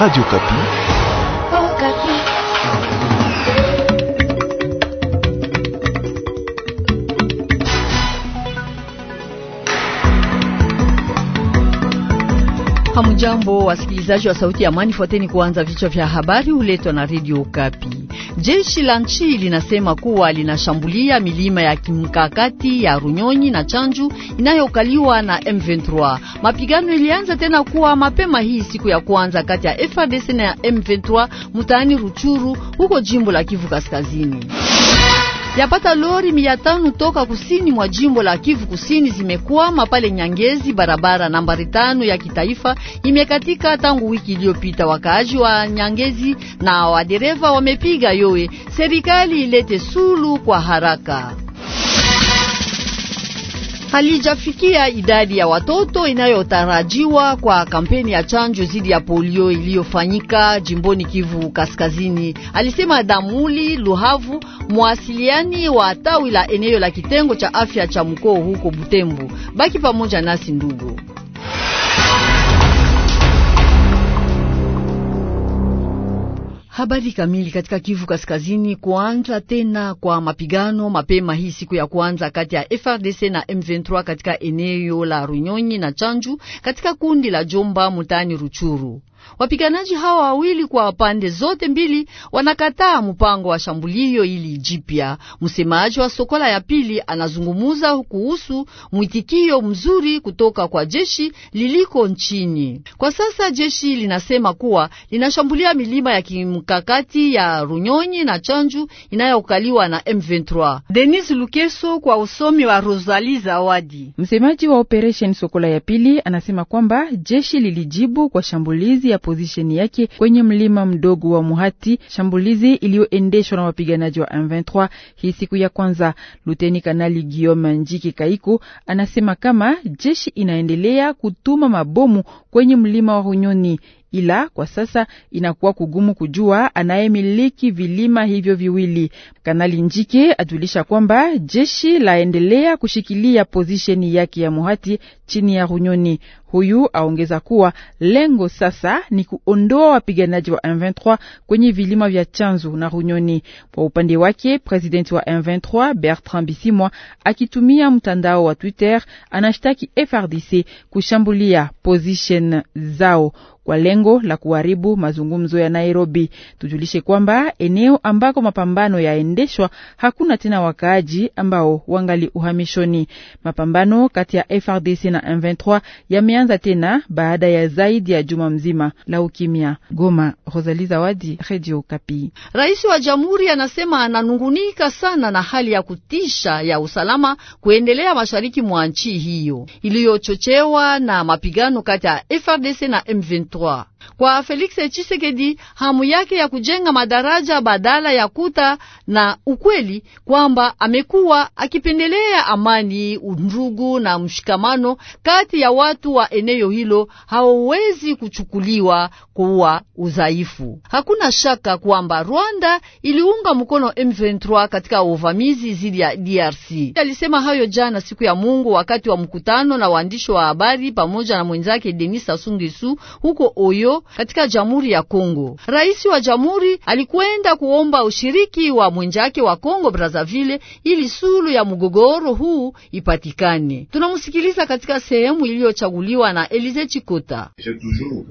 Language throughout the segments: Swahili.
Radio Kapi. Oh, Kapi. Hamujambo wasikilizaji wa sauti ya amani, fuateni kuanza vichwa vya habari huletwa na Radio Kapi. Jeshi la nchi linasema kuwa linashambulia milima ya kimkakati ya Runyonyi na Chanju inayokaliwa na M23. Mapigano ilianza tena kuwa mapema hii siku ya kwanza kati ya FARDC na M23 mtaani Ruchuru huko jimbo la Kivu Kaskazini yapata lori mia tano toka kusini mwa jimbo la Kivu Kusini zimekwama pale Nyangezi. Barabara nambari tano ya kitaifa imekatika tangu wiki iliyopita. Wakaaji wa Nyangezi na wadereva wamepiga yowe, serikali ilete sulu kwa haraka halijafikia idadi ya watoto inayotarajiwa kwa kampeni ya chanjo dhidi ya polio iliyofanyika jimboni Kivu Kaskazini, alisema Damuli Luhavu, mwasiliani wa tawi la eneo la kitengo cha afya cha mkoo huko Butembo. Baki pamoja nasi ndugu Habari kamili katika Kivu Kaskazini. Kuanza tena kwa mapigano mapema hii siku ya kwanza kati ya FRDC na M23 katika eneo la Runyonyi na Chanju katika kundi la Jomba mutani Ruchuru. Wapiganaji hawa wawili kwa pande zote mbili wanakataa mpango wa shambulio hili jipya. Msemaji wa Sokola ya pili anazungumuza kuhusu mwitikio mzuri kutoka kwa jeshi liliko nchini kwa sasa. Jeshi linasema kuwa linashambulia milima ya kimkakati ya Runyonyi na Chanju inayokaliwa na M23. Denis Lukeso kwa usomi wa rosali Zawadi. Msemaji wa Operation Sokola ya pili anasema kwamba jeshi lilijibu kwa shambulizi ya pozisheni yake kwenye mlima mdogo wa Muhati, shambulizi iliyoendeshwa na wapiganaji wa M23 hii siku ya kwanza. Luteni Kanali Guillaume Njiki Kaiku anasema kama jeshi inaendelea kutuma mabomu kwenye mlima wa Hunyoni ila kwa sasa inakuwa kugumu kujua anayemiliki vilima hivyo viwili. Kanali Njike ajulisha kwamba jeshi laendelea kushikilia pozisheni yake ya Muhati chini ya Runyoni. Huyu aongeza kuwa lengo sasa ni kuondoa wapiganaji wa M23 kwenye vilima vya Chanzu na Runyoni. Kwa upande wake, presidenti wa M23 Bertrand Bisimwa akitumia mtandao wa Twitter anashtaki FRDC kushambulia position zao kwa lengo la kuharibu mazungumzo ya Nairobi. Tujulishe kwamba eneo ambako mapambano yaendeshwa hakuna tena wakaaji ambao wangali uhamishoni. Mapambano kati ya FRDC na M23 yameanza tena baada ya zaidi ya juma mzima la ukimya. Goma, Rosali Zawadi, Radio Kapi. Rais wa jamhuri anasema ananungunika sana na hali ya kutisha ya usalama kuendelea mashariki mwa nchi hiyo iliyochochewa na mapigano kati ya FRDC na M23. Kwa Felix chisekedi hamu yake ya kujenga madaraja badala ya kuta na ukweli kwamba amekuwa akipendelea amani, undugu na mshikamano kati ya watu wa eneo hilo hauwezi kuchukuliwa kuwa udhaifu. Hakuna shaka kwamba Rwanda iliunga mkono M23 katika uvamizi dhidi ya DRC. Alisema hayo jana siku ya Mungu wakati wa mkutano na waandishi wa habari pamoja na mwenzake Denis asungesu huko huko Oyo katika Jamhuri ya Kongo. Rais wa jamhuri alikwenda kuomba ushiriki wa mwenjake wa Kongo Brazzaville ili sulu ya mgogoro huu ipatikane. Tunamsikiliza katika sehemu iliyochaguliwa na Elize Chikota.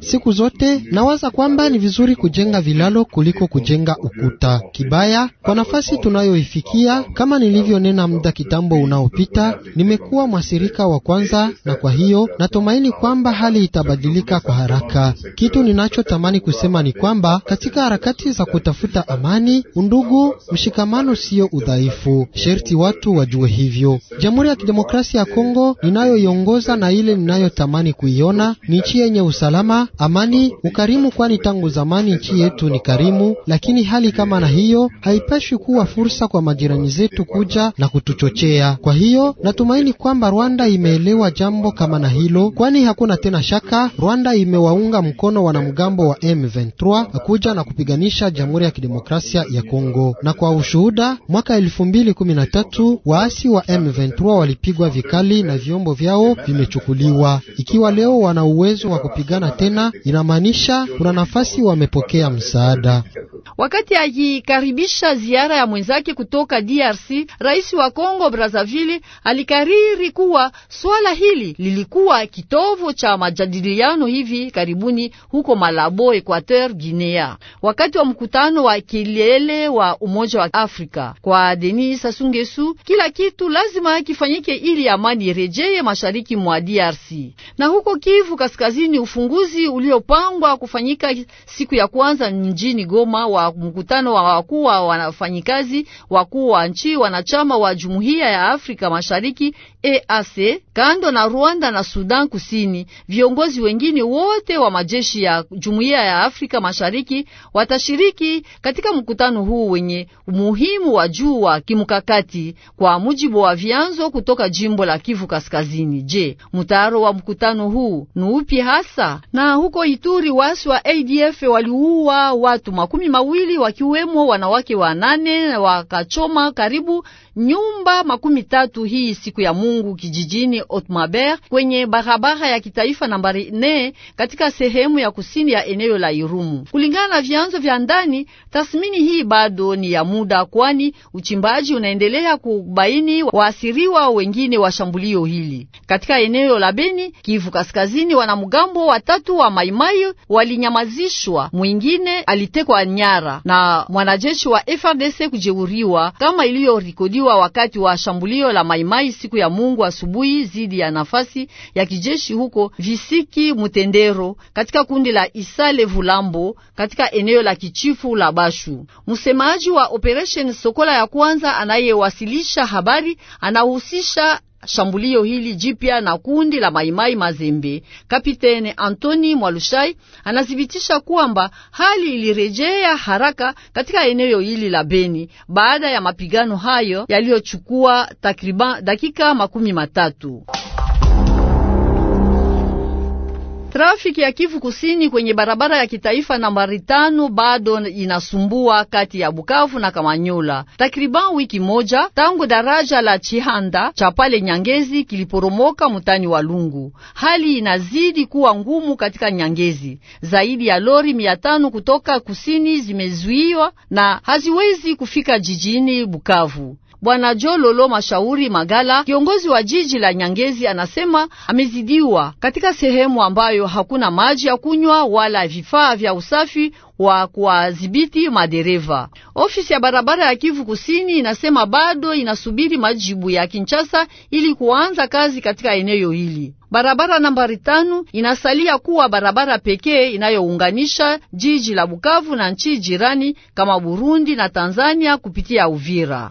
Siku zote nawaza kwamba ni vizuri kujenga vilalo kuliko kujenga ukuta. Kibaya kwa nafasi tunayoifikia, kama nilivyonena muda kitambo unaopita, nimekuwa mwasirika wa kwanza, na kwa hiyo natumaini kwamba hali itabadilika kwa haraka. Afrika. Kitu ninachotamani kusema ni kwamba katika harakati za kutafuta amani, undugu, mshikamano sio udhaifu, sherti watu wajue hivyo. Jamhuri ya Kidemokrasia ya Kongo ninayoiongoza na ile ninayotamani kuiona ni nchi yenye usalama, amani, ukarimu, kwani tangu zamani nchi yetu ni karimu, lakini hali kama na hiyo haipashwi kuwa fursa kwa majirani zetu kuja na kutuchochea. Kwa hiyo natumaini kwamba Rwanda imeelewa jambo kama na hilo, kwani hakuna tena shaka Rwanda imewa inaunga mkono wanamgambo wa M23 kuja na kupiganisha Jamhuri ya Kidemokrasia ya Kongo. Na kwa ushuhuda, mwaka 2013 waasi wa M23 walipigwa vikali na vyombo vyao vimechukuliwa. Ikiwa leo wana uwezo wa kupigana tena, inamaanisha kuna nafasi wamepokea msaada. Wakati akikaribisha ziara ya mwenzake kutoka DRC, rais wa Kongo Brazzaville alikariri kuwa swala hili lilikuwa kitovu cha majadiliano hivi karibu karibuni huko Malabo, Equateur, Guinea, wakati wa mkutano wa kilele wa Umoja wa Afrika. Kwa Denis Sasungesu, kila kitu lazima kifanyike ili amani irejee mashariki mwa DRC. Na huko Kivu Kaskazini, ufunguzi uliopangwa kufanyika siku ya kwanza mjini Goma wa mkutano wa wakuu wa wanafanyikazi wakuu wa nchi wanachama wa Jumuiya ya Afrika Mashariki EAC kando na Rwanda na Sudan Kusini. Viongozi wengine wote wa majeshi ya Jumuiya ya Afrika Mashariki watashiriki katika mkutano huu wenye umuhimu wa juu wa kimkakati, kwa mujibu wa vyanzo kutoka jimbo la Kivu Kaskazini. Je, mtaro wa mkutano huu ni upi hasa? Na huko Ituri, wasi wa ADF waliua watu makumi mawili wakiwemo wanawake wanane, wakachoma karibu nyumba makumi tatu hii siku ya Mungu kijijini Otmaber kwenye barabara ya kitaifa nambari ne katika sehemu ya kusini ya eneo la Irumu. Kulingana na vyanzo vya ndani, tathmini hii bado ni ya muda, kwani uchimbaji unaendelea kubaini waasiriwa wengine wa shambulio hili. Katika eneo la Beni, Kivu Kaskazini, wanamgambo watatu wa Maimai walinyamazishwa, mwingine alitekwa nyara na mwanajeshi wa FRDC kujeuriwa kama iliyorikodi ikiwa wakati wa shambulio la Maimai siku ya Mungu asubuhi zidi ya nafasi ya kijeshi huko Visiki Mutendero katika kundi la Isale Vulambo katika eneo la kichifu la Bashu. Msemaji wa Operation Sokola ya kwanza anayewasilisha habari anahusisha shambulio hili jipya na kundi la Maimai Mazembe. Kapiteni Antoni Mwalushai anathibitisha kwamba hali ilirejea haraka katika eneo hili la Beni baada ya mapigano hayo yaliyochukua takriban dakika makumi matatu. Trafiki ya Kivu Kusini kwenye barabara ya kitaifa nambari tano bado inasumbua kati ya Bukavu na Kamanyola. Takriban wiki moja tangu daraja la Chihanda cha pale Nyangezi kiliporomoka mutani wa Lungu, hali inazidi kuwa ngumu katika Nyangezi. Zaidi ya lori mia tano kutoka kusini zimezuiwa na haziwezi kufika jijini Bukavu. Bwana Jololo Mashauri Magala, kiongozi wa jiji la Nyangezi, anasema amezidiwa katika sehemu ambayo hakuna maji ya kunywa wala vifaa vya usafi wa kuwadhibiti madereva. Ofisi ya barabara ya Kivu Kusini inasema bado inasubiri majibu ya Kinshasa ili kuanza kazi katika eneo hili. Barabara nambari tano inasalia kuwa barabara pekee inayounganisha jiji la Bukavu na nchi jirani kama Burundi na Tanzania kupitia Uvira.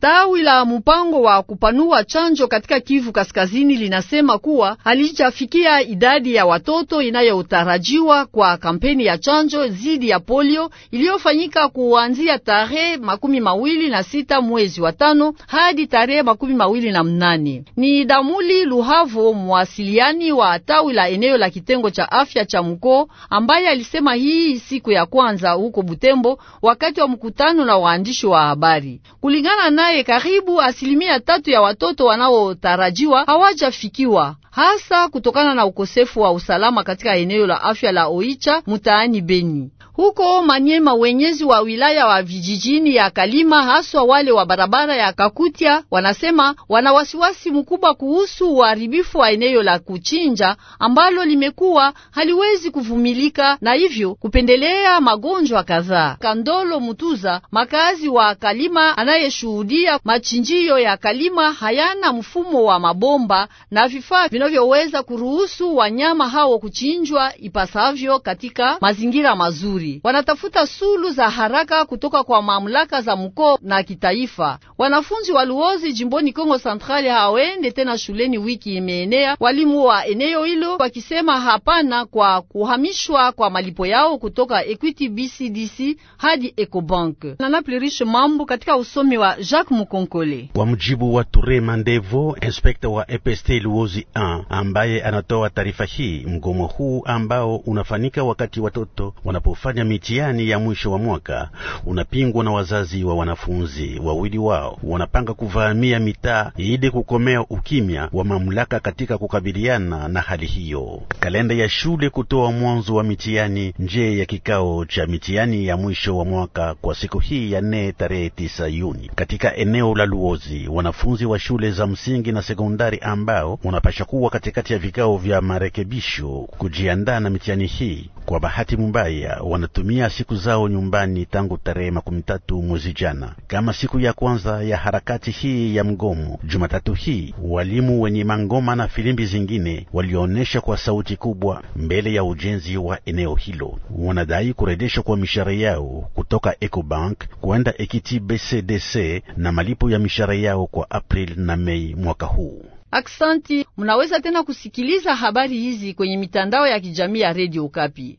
Tawi la mpango wa kupanua chanjo katika Kivu Kaskazini linasema kuwa halijafikia idadi ya watoto inayotarajiwa kwa kampeni ya chanjo dhidi ya polio iliyofanyika kuanzia tarehe makumi mawili na sita mwezi wa tano hadi tarehe makumi mawili na mnane. Ni Damuli Luhavo, mwasiliani wa tawi la eneo la kitengo cha afya cha mkoo, ambaye alisema hii siku ya kwanza huko Butembo wakati wa mkutano na waandishi wa habari. Kulingana na naye karibu asilimia tatu ya watoto wanaotarajiwa hawajafikiwa hasa kutokana na ukosefu wa usalama katika eneo la afya la Oicha mtaani Beni. Huko Manyema wenyezi wa wilaya wa vijijini ya Kalima haswa wale wa barabara ya Kakutya wanasema wana wasiwasi mkubwa kuhusu uharibifu wa eneo la kuchinja ambalo limekuwa haliwezi kuvumilika na hivyo kupendelea magonjwa kadhaa. Kandolo Mutuza, makazi wa Kalima, anayeshuhudia machinjio ya Kalima hayana mfumo wa mabomba na vifaa vinavyoweza kuruhusu wanyama hao kuchinjwa ipasavyo katika mazingira mazuri vizuri. Wanatafuta sulu za haraka kutoka kwa mamlaka za mkoa na kitaifa. Wanafunzi wa Luozi jimboni Kongo Central hawaende tena shuleni, wiki imeenea, walimu wa eneo hilo wakisema hapana kwa kuhamishwa kwa malipo yao kutoka Equity BCDC hadi Ecobank. Nanaplirishe mambo katika usomi wa Jacques Mukonkole. Kwa mjibu wa Ture Mandevo, inspekta wa EPST Luozi 1 ambaye anatoa taarifa hii, mgomo huu ambao unafanyika wakati watoto wanapofanya kufanya mitihani ya mwisho wa mwaka unapingwa na wazazi wa wanafunzi. Wawili wao wanapanga kuvahamia mitaa ili kukomea ukimya wa mamlaka katika kukabiliana na hali hiyo. Kalenda ya shule kutoa mwanzo wa mitihani nje ya kikao cha mitihani ya mwisho wa mwaka kwa siku hii ya nne tarehe tisa Yuni katika eneo la Luozi. Wanafunzi wa shule za msingi na sekondari ambao wanapasha kuwa katikati ya vikao vya marekebisho kujiandaa na mitihani hii, kwa bahati mbaya wanatumia siku zao nyumbani tangu tarehe makumi tatu mwezi jana, kama siku ya kwanza ya harakati hii ya mgomo. Jumatatu hii walimu wenye mangoma na filimbi zingine walionyesha kwa sauti kubwa mbele ya ujenzi wa eneo hilo. Wanadai kurejeshwa kwa mishahara yao kutoka Ecobank kwenda Equity BCDC na malipo ya mishahara yao kwa April na Mei mwaka huu. Aksanti, munaweza tena kusikiliza habari hizi kwenye mitandao ya kijamii ya Radio Kapi.